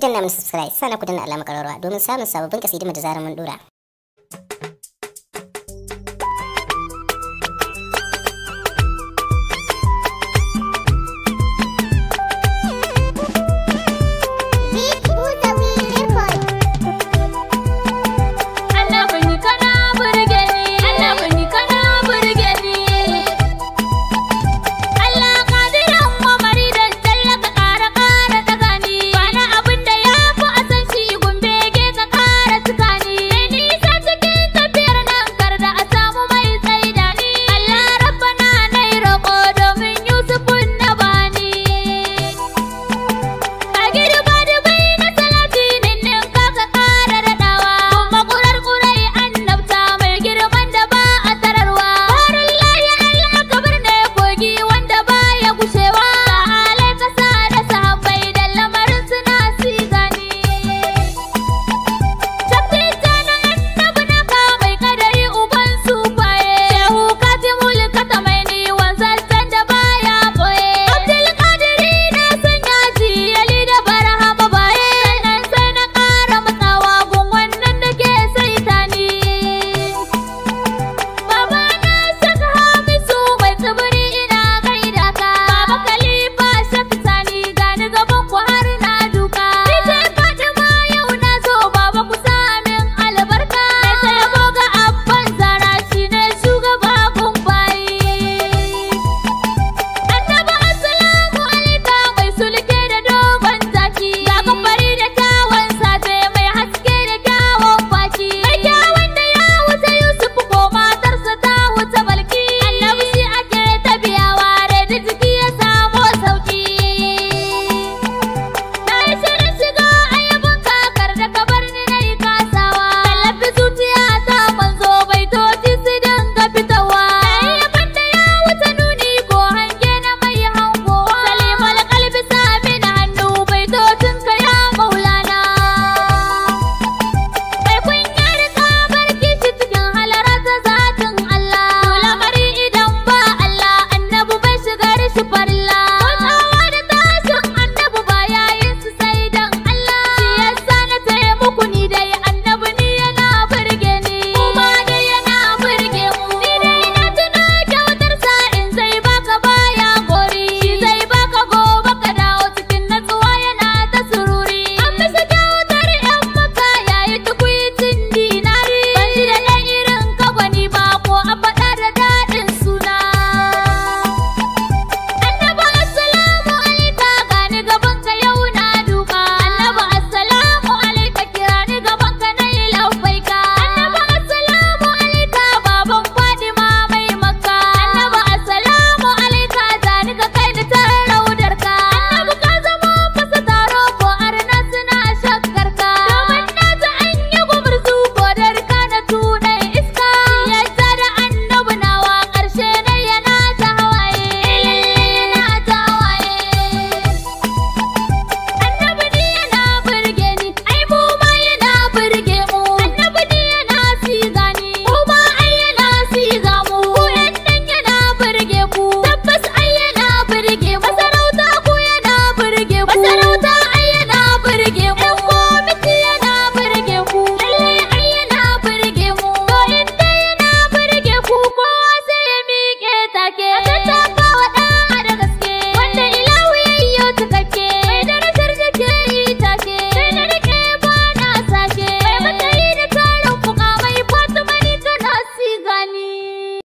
ku danna mana subscribe sana ku danna alamar kararwa domin samun sababbin kasidima da zarar mun dora